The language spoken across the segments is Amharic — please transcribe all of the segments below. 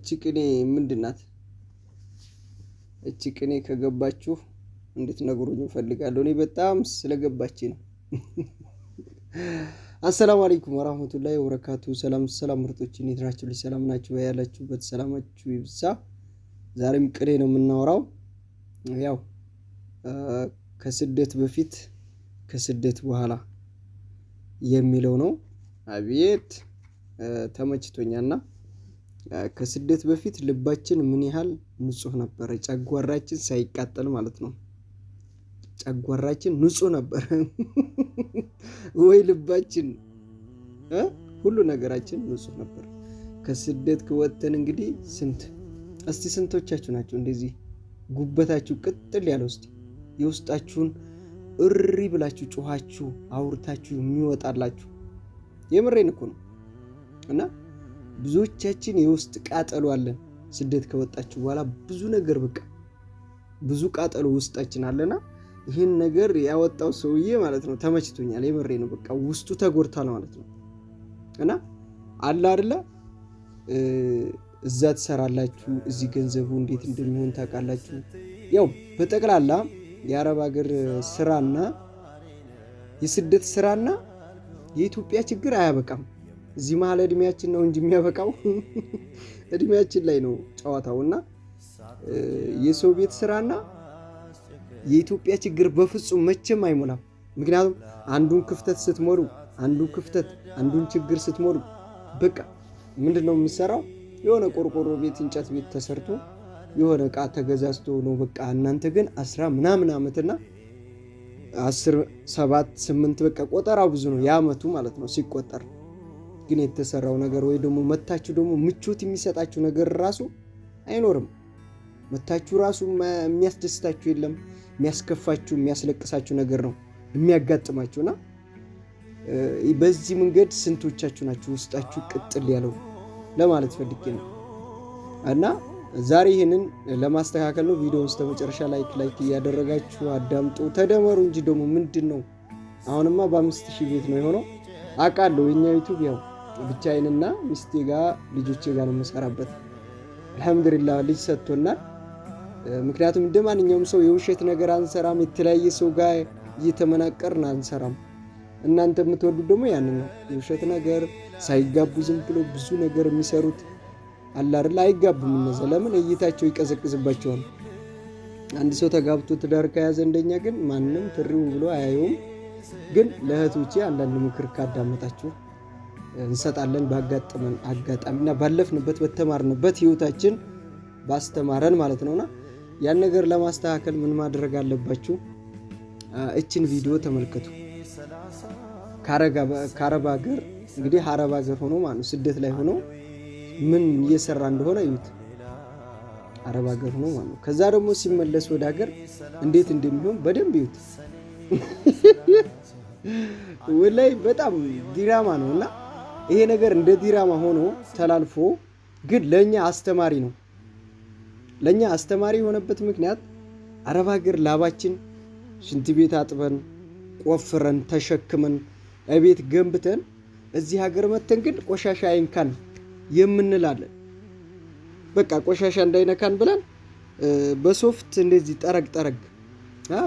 እቺ ቅኔ ምንድን ናት? እቺ ቅኔ ከገባችሁ እንድትነግሩኝ እፈልጋለሁ። እኔ በጣም ስለገባች ነው። አሰላሙ አለይኩም ወራህመቱላሂ ወበረካቱ። ሰላም ሰላም፣ ምርጦች እንዴት ናችሁ? ሰላም ናችሁ? ያላችሁበት ሰላማችሁ ይብዛ። ዛሬም ቅኔ ነው የምናወራው። ያው ከስደት በፊት ከስደት በኋላ የሚለው ነው። አቤት ተመችቶኛና ከስደት በፊት ልባችን ምን ያህል ንጹህ ነበረ? ጨጓራችን ሳይቃጠል ማለት ነው። ጨጓራችን ንጹህ ነበረ ወይ? ልባችን ሁሉ ነገራችን ንጹህ ነበር። ከስደት ከወጥተን እንግዲህ ስንት እስቲ ስንቶቻችሁ ናቸው እንደዚህ ጉበታችሁ ቅጥል ያለ ውስጥ የውስጣችሁን እሪ ብላችሁ ጮኋችሁ አውርታችሁ የሚወጣላችሁ? የምሬን እኮ ነው እና ብዙዎቻችን የውስጥ ቃጠሎ አለን። ስደት ከወጣችሁ በኋላ ብዙ ነገር በቃ ብዙ ቃጠሎ ውስጣችን አለና ይህን ነገር ያወጣው ሰውዬ ማለት ነው ተመችቶኛል፣ የምሬ ነው በቃ ውስጡ ተጎድቷል ማለት ነው። እና አለ አደለ እዛ ትሰራላችሁ፣ እዚህ ገንዘቡ እንዴት እንደሚሆን ታውቃላችሁ። ያው በጠቅላላ የአረብ ሀገር ስራና የስደት ስራና የኢትዮጵያ ችግር አያበቃም። እዚህ መሀል እድሜያችን ነው እንጂ የሚያበቃው እድሜያችን ላይ ነው ጨዋታው እና የሰው ቤት ስራና የኢትዮጵያ ችግር በፍጹም መቼም አይሞላም። ምክንያቱም አንዱን ክፍተት ስትሞሉ፣ አንዱን ክፍተት አንዱን ችግር ስትሞሉ በቃ ምንድን ነው የምሰራው? የሆነ ቆርቆሮ ቤት እንጨት ቤት ተሰርቶ የሆነ እቃ ተገዛዝቶ ነው በቃ። እናንተ ግን አስራ ምናምን ዓመትና አስር ሰባት ስምንት በቃ ቆጠራ ብዙ ነው የአመቱ ማለት ነው ሲቆጠር ግን የተሰራው ነገር ወይ ደግሞ መታችሁ ደግሞ ምቾት የሚሰጣችሁ ነገር ራሱ አይኖርም። መታችሁ ራሱ የሚያስደስታችሁ የለም። የሚያስከፋችሁ የሚያስለቅሳችሁ ነገር ነው እና በዚህ መንገድ ስንቶቻችሁ ናችሁ ውስጣችሁ ቅጥል ያለው ለማለት ፈልጌ ነው እና ዛሬ ይህንን ለማስተካከል ነው። ቪዲዮ ውስጥ መጨረሻ ላይክ ላይክ እያደረጋችሁ አዳምጡ፣ ተደመሩ እንጂ ደግሞ ምንድን ነው አሁንማ በአምስት ሺህ ቤት ነው የሆነው አውቃለሁ። የኛ ዩቱብ ያው ብቻዬንና ሚስቴ ጋር ልጆቼ ጋር ነው የምሰራበት። አልሐምዱሊላ ልጅ ሰጥቶናል። ምክንያቱም እንደ ማንኛውም ሰው የውሸት ነገር አንሰራም። የተለያየ ሰው ጋር እየተመናቀርን አንሰራም። እናንተ የምትወዱት ደግሞ ያን ነው። የውሸት ነገር ሳይጋቡ ዝም ብሎ ብዙ ነገር የሚሰሩት አላርላ አይጋቡም። እነዛ ለምን እይታቸው ይቀዘቅዝባቸዋል። አንድ ሰው ተጋብቶ ትዳር ከያዘ እንደኛ ግን ማንም ትሪው ብሎ አያየውም። ግን ለእህቶቼ አንዳንድ ምክር ካዳመጣችሁ እንሰጣለን ባጋጠመን እና ባለፍንበት በተማርንበት ህይወታችን ባስተማረን ማለት ነውና ያን ነገር ለማስተካከል ምን ማድረግ አለባችሁ? እችን ቪዲዮ ተመልከቱ። ከአረብ ሀገር እንግዲህ አረብ ሀገር ሆኖ ማለት ነው ስደት ላይ ሆኖ ምን እየሰራ እንደሆነ እዩት። አረብ ሀገር ሆኖ ማለት ነው። ከዛ ደግሞ ሲመለስ ወደ ሀገር እንዴት እንደሚሆን በደንብ እዩት። ወላይ በጣም ዲራማ ነው እና ይሄ ነገር እንደ ዲራማ ሆኖ ተላልፎ ግን ለእኛ አስተማሪ ነው። ለእኛ አስተማሪ የሆነበት ምክንያት አረብ ሀገር ላባችን ሽንት ቤት አጥበን ቆፍረን ተሸክመን እቤት ገንብተን እዚህ ሀገር መተን ግን ቆሻሻ አይንካን የምንላለን። በቃ ቆሻሻ እንዳይነካን ብለን በሶፍት እንደዚህ ጠረግ ጠረግ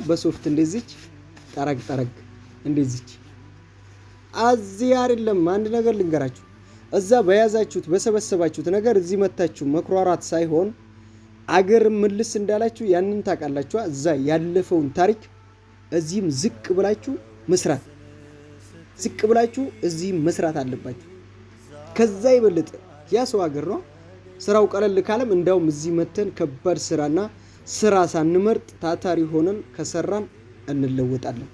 በሶፍት እንደዚች ጠረግ ጠረግ እንደዚች እዚህ አይደለም። አንድ ነገር ልንገራችሁ፣ እዛ በያዛችሁት በሰበሰባችሁት ነገር እዚህ መታችሁ መኩራራት ሳይሆን አገር ምልስ እንዳላችሁ ያንን ታውቃላችኋ። እዛ ያለፈውን ታሪክ እዚህም ዝቅ ብላችሁ መስራት ዝቅ ብላችሁ እዚህም መስራት አለባችሁ። ከዛ ይበልጥ ያ ሰው ሀገር ነው ስራው ቀለል ካለም እንዳውም እዚህ መተን ከባድ ስራና ስራ ሳንመርጥ ታታሪ ሆነን ከሰራን እንለወጣለን።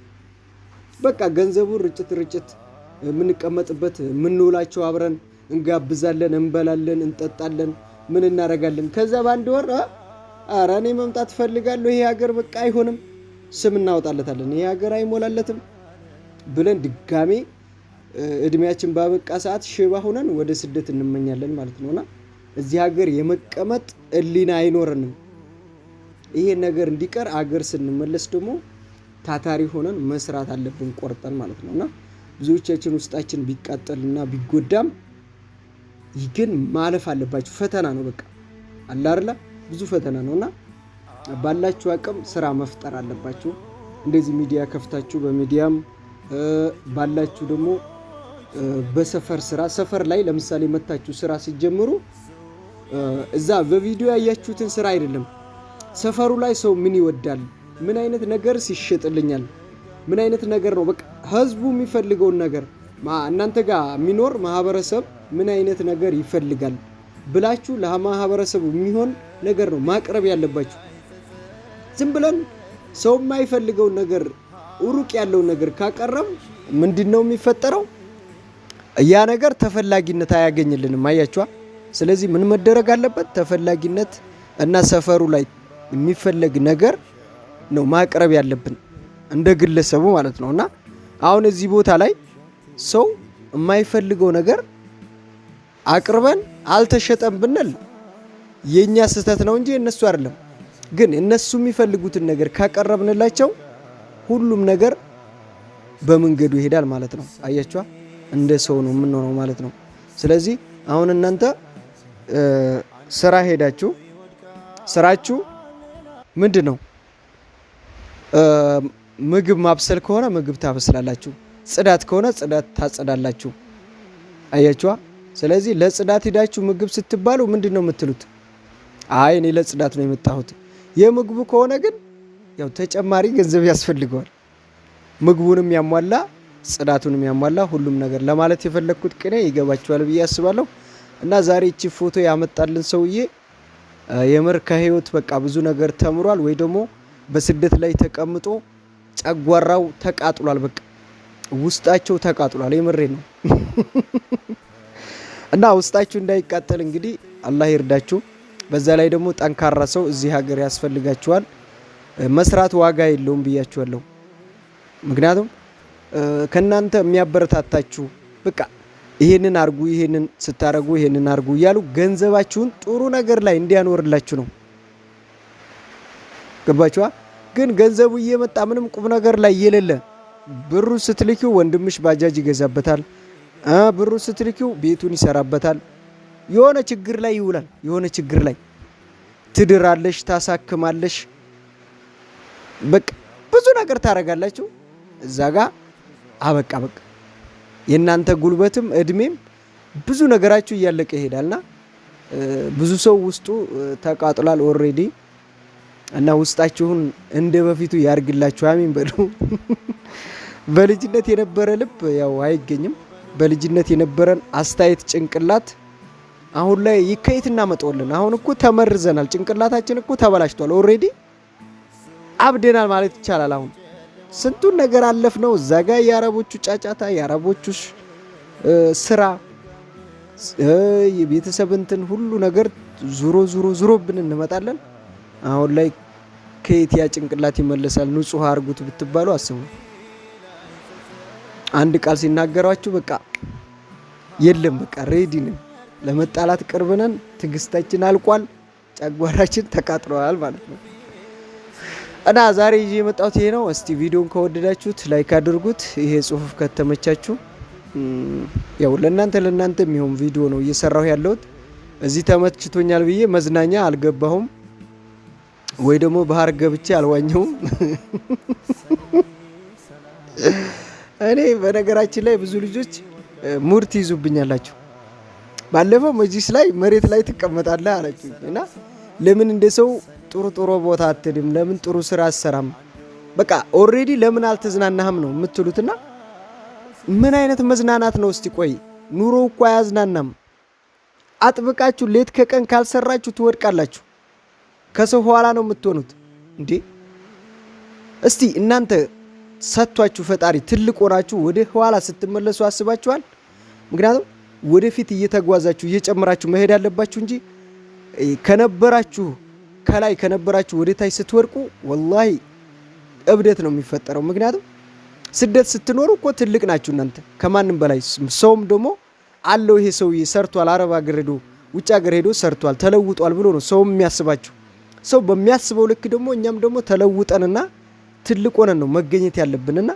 በቃ ገንዘቡ ርጭት ርጭት የምንቀመጥበት የምንውላቸው አብረን እንጋብዛለን፣ እንበላለን፣ እንጠጣለን፣ ምን እናደርጋለን። ከዛ በአንድ ወር አረ እኔ መምጣት እፈልጋለሁ ይሄ ሀገር በቃ አይሆንም፣ ስም እናወጣለታለን፣ ይሄ ሀገር አይሞላለትም ብለን ድጋሜ እድሜያችን ባበቃ ሰዓት ሽባ ሁነን ወደ ስደት እንመኛለን ማለት ነውና እዚህ ሀገር የመቀመጥ እሊና አይኖረንም። ይሄ ነገር እንዲቀር አገር ስንመለስ ደግሞ ታታሪ ሆነን መስራት አለብን ቆርጠን ማለት ነውና ብዙዎቻችን ውስጣችን ቢቃጠልና ቢጎዳም ይህ ግን ማለፍ አለባችሁ። ፈተና ነው በቃ አላርለ ብዙ ፈተና ነው እና ባላችሁ አቅም ስራ መፍጠር አለባችሁ። እንደዚህ ሚዲያ ከፍታችሁ በሚዲያም ባላችሁ ደግሞ በሰፈር ስራ ሰፈር ላይ ለምሳሌ መታችሁ ስራ ሲጀምሩ እዛ በቪዲዮ ያያችሁትን ስራ አይደለም፣ ሰፈሩ ላይ ሰው ምን ይወዳል፣ ምን አይነት ነገር ሲሸጥልኛል ምን አይነት ነገር ነው በቃ ህዝቡ የሚፈልገውን ነገር እናንተ ጋር የሚኖር ማህበረሰብ ምን አይነት ነገር ይፈልጋል ብላችሁ ለማህበረሰቡ የሚሆን ነገር ነው ማቅረብ ያለባችሁ። ዝም ብለን ሰው የማይፈልገውን ነገር ሩቅ ያለውን ነገር ካቀረብ ምንድን ነው የሚፈጠረው? ያ ነገር ተፈላጊነት አያገኝልንም። አያችኋ። ስለዚህ ምን መደረግ አለበት? ተፈላጊነት እና ሰፈሩ ላይ የሚፈለግ ነገር ነው ማቅረብ ያለብን። እንደ ግለሰቡ ማለት ነው። እና አሁን እዚህ ቦታ ላይ ሰው የማይፈልገው ነገር አቅርበን አልተሸጠም ብንል የእኛ ስህተት ነው እንጂ እነሱ አይደለም። ግን እነሱ የሚፈልጉትን ነገር ካቀረብንላቸው ሁሉም ነገር በመንገዱ ይሄዳል ማለት ነው። አያችኋ፣ እንደ ሰው ነው የምንሆነው ማለት ነው። ስለዚህ አሁን እናንተ ስራ ሄዳችሁ ስራችሁ ምንድን ነው? ምግብ ማብሰል ከሆነ ምግብ ታበስላላችሁ፣ ጽዳት ከሆነ ጽዳት ታጸዳላችሁ። አያችኋ። ስለዚህ ለጽዳት ሂዳችሁ ምግብ ስትባሉ ምንድን ነው የምትሉት? አይ እኔ ለጽዳት ነው የመጣሁት። የምግቡ ከሆነ ግን ያው ተጨማሪ ገንዘብ ያስፈልገዋል። ምግቡንም ያሟላ ጽዳቱንም ያሟላ ሁሉም ነገር ለማለት የፈለግኩት ቅኔ ይገባችኋል ብዬ አስባለሁ። እና ዛሬ እቺ ፎቶ ያመጣልን ሰውዬ የምር ከህይወት በቃ ብዙ ነገር ተምሯል ወይ ደግሞ በስደት ላይ ተቀምጦ ጨጓራው ተቃጥሏል። በቃ ውስጣቸው ተቃጥሏል። የምሬ ነው። እና ውስጣችሁ እንዳይቃጠል እንግዲህ አላህ ይርዳችሁ። በዛ ላይ ደግሞ ጠንካራ ሰው እዚህ ሀገር ያስፈልጋችኋል። መስራት ዋጋ የለውም ብያችኋለሁ። ምክንያቱም ከእናንተ የሚያበረታታችሁ በቃ ይሄንን አርጉ፣ ይሄንን ስታረጉ፣ ይሄንን አርጉ እያሉ ገንዘባችሁን ጥሩ ነገር ላይ እንዲያኖርላችሁ ነው። ገባችኋ? ግን ገንዘቡ እየመጣ ምንም ቁም ነገር ላይ የሌለ ብሩ ስትልኪው ወንድምሽ ባጃጅ ይገዛበታል። ብሩ ስትልኪው ቤቱን ይሰራበታል። የሆነ ችግር ላይ ይውላል። የሆነ ችግር ላይ ትድራለሽ፣ ታሳክማለሽ፣ በቃ ብዙ ነገር ታረጋላችሁ። እዛ ጋ አበቃ በቃ የእናንተ ጉልበትም እድሜም ብዙ ነገራችሁ እያለቀ ይሄዳልና ብዙ ሰው ውስጡ ተቃጥሏል ኦሬዲ። እና ውስጣችሁን እንደ በፊቱ ያርግላችሁ። አሚን በሉ። በልጅነት የነበረ ልብ ያው አይገኝም። በልጅነት የነበረን አስተያየት ጭንቅላት አሁን ላይ ከየት እናመጣዋለን? አሁን እኮ ተመርዘናል። ጭንቅላታችን እኮ ተበላሽቷል። ኦሬዲ አብደናል ማለት ይቻላል። አሁን ስንቱን ነገር አለፍ ነው። እዛ ጋ የአረቦቹ ጫጫታ፣ የአረቦቹ ስራ፣ የቤተሰብ እንትን ሁሉ ነገር ዙሮ ዙሮ ዙሮብን እንመጣለን። አሁን ላይ ከየት ያ ጭንቅላት ይመለሳል? ንጹህ አርጉት ብትባሉ አስቡ። አንድ ቃል ሲናገሯችሁ በቃ የለም በቃ ሬዲ ነን ለመጣላት ቅርብ ነን፣ አልቋል፣ ጨጓራችን ተቃጥሏል ማለት ነው። እና ዛሬ ይዤ የመጣሁት ይሄ ነው። እስቲ ቪዲዮን ከወደዳችሁት ላይክ አድርጉት። ይሄ ጽሁፍ ከተመቻችሁ ያው ለእናንተ ለእናንተ የሚሆን ቪዲዮ ነው እየሰራሁ ያለሁት። እዚህ ተመችቶኛል ብዬ መዝናኛ አልገባሁም። ወይ ደግሞ ባህር ገብቼ አልዋኘውም። እኔ በነገራችን ላይ ብዙ ልጆች ሙድ ትይዙብኛላችሁ። ባለፈው መጅሊስ ላይ መሬት ላይ ትቀመጣለህ አላችሁ እና ለምን እንደ ሰው ጥሩ ጥሩ ቦታ አትድም? ለምን ጥሩ ስራ አትሰራም? በቃ ኦሬዲ ለምን አልተዝናናህም ነው የምትሉትና ምን አይነት መዝናናት ነው? እስቲ ቆይ ኑሮ እኮ አያዝናናም። አጥብቃችሁ ሌት ከቀን ካልሰራችሁ ትወድቃላችሁ። ከሰው ኋላ ነው የምትሆኑት እንዴ? እስቲ እናንተ ሰጥቷችሁ ፈጣሪ ትልቅ ሆናችሁ ወደ ኋላ ስትመለሱ አስባችኋል? ምክንያቱም ወደፊት እየተጓዛችሁ እየጨምራችሁ መሄድ አለባችሁ እንጂ ከነበራችሁ ከላይ ከነበራችሁ ወደ ታች ስትወድቁ ወላሂ እብደት ነው የሚፈጠረው። ምክንያቱም ስደት ስትኖሩ እኮ ትልቅ ናችሁ እናንተ ከማንም በላይ ሰውም ደግሞ አለው ይሄ ሰውዬ ሰርቷል፣ አረብ አገር ሄዶ ውጭ አገር ሄዶ ሰርቷል፣ ተለውጧል ብሎ ነው ሰውም የሚያስባችሁ። ሰው በሚያስበው ልክ ደግሞ እኛም ደግሞ ተለውጠንና ትልቅ ሆነን ነው መገኘት ያለብንና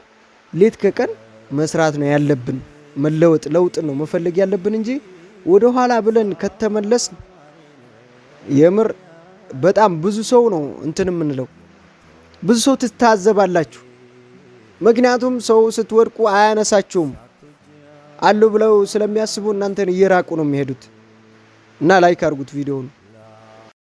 ሌት ከቀን መስራት ነው ያለብን። መለወጥ ለውጥ ነው መፈለግ ያለብን እንጂ ወደኋላ ብለን ከተመለስ የምር በጣም ብዙ ሰው ነው እንትን የምንለው። ብዙ ሰው ትታዘባላችሁ። ምክንያቱም ሰው ስትወድቁ አያነሳችሁም አሉ ብለው ስለሚያስቡ እናንተን እየራቁ ነው የሚሄዱት። እና ላይክ አድርጉት ቪዲዮውን።